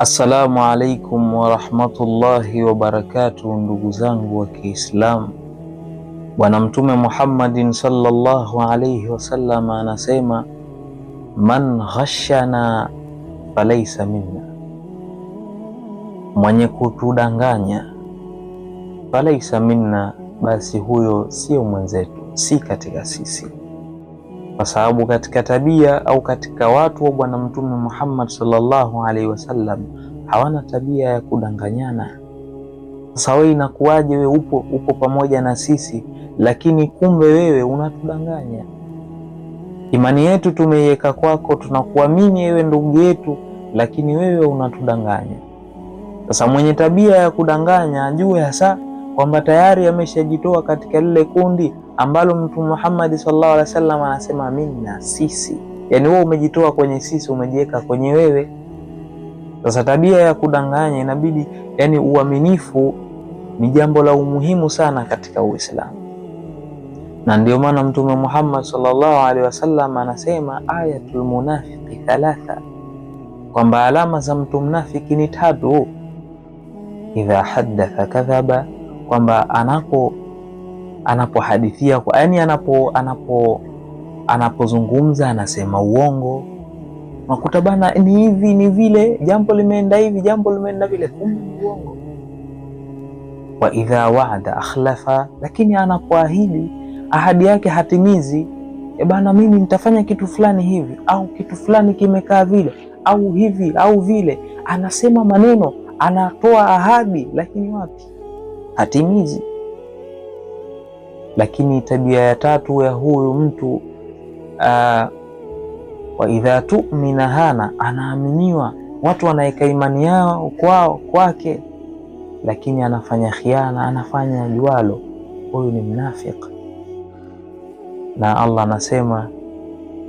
Assalamu alaikum warahmatullahi wabarakatuh, ndugu zangu wa Kiislamu. Bwana Mtume Muhammadin sallallahu alaihi wasallam anasema man ghashana falaisa minna, mwenye kutudanganya falaisa minna, basi huyo sio mwenzetu, si katika sisi kwa sababu katika tabia au katika watu wa Bwana Mtume Muhammad sallallahu alaihi wasallam hawana tabia ya kudanganyana. Sasa wewe inakuwaje? Wewe upo, upo pamoja na sisi, lakini kumbe wewe unatudanganya. Imani yetu tumeiweka kwako, tunakuamini wewe ndugu yetu, lakini wewe unatudanganya. Sasa mwenye tabia ya kudanganya ajue hasa kwamba tayari ameshajitoa katika lile kundi ambalo Mtume Muhammad sallallahu alaihi wasallam anasema minna, sisi. Yani wewe umejitoa kwenye sisi, umejiweka kwenye wewe. Sasa tabia ya kudanganya inabidi, yani uaminifu ni jambo la umuhimu sana katika Uislamu, na ndio maana Mtume Muhammad sallallahu alaihi wasallam anasema ayatul munafiqi thalatha, kwamba alama za mtu mnafiki ni tatu. Idha haddatha kadhaba, kwamba anapo anapohadithia kwa yani, anapo anapo anapozungumza anasema uongo, unakuta bana, ni hivi ni vile, jambo limeenda hivi, jambo limeenda vile, kumbe uongo. Wa idha waada akhlafa, lakini anapoahidi ahadi yake hatimizi. E bana, mimi nitafanya kitu fulani hivi au kitu fulani kimekaa vile au hivi au vile, anasema maneno, anatoa ahadi, lakini wapi, hatimizi. Lakini tabia ya tatu ya huyu mtu uh, wa idha tumina hana, anaaminiwa, watu wanaweka imani yao kwao kwake, lakini anafanya khiana, anafanya jualo, huyu ni mnafiki. Na Allah anasema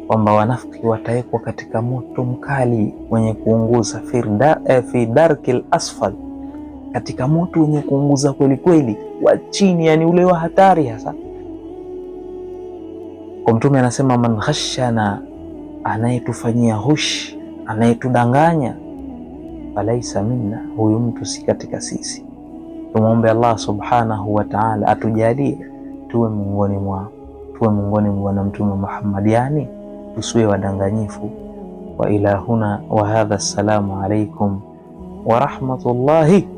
kwamba wanafiki watawekwa katika moto mkali wenye kuunguza fi eh, darkil asfal katika moto wenye kuunguza kweli kweli, wa chini, yani ule wa hatari hasa. Kwa Mtume anasema man khashana, anayetufanyia hush, anayetudanganya, falaisa minna, huyu mtu si katika sisi. Tumwombe Allah subhanahu wa ta'ala atujalie tuwe miongoni mwa tuwe miongoni mwa bwana Mtume Muhammad, yani tusiwe wadanganyifu. wa huna wa hadha, assalamu alaikum wa rahmatullahi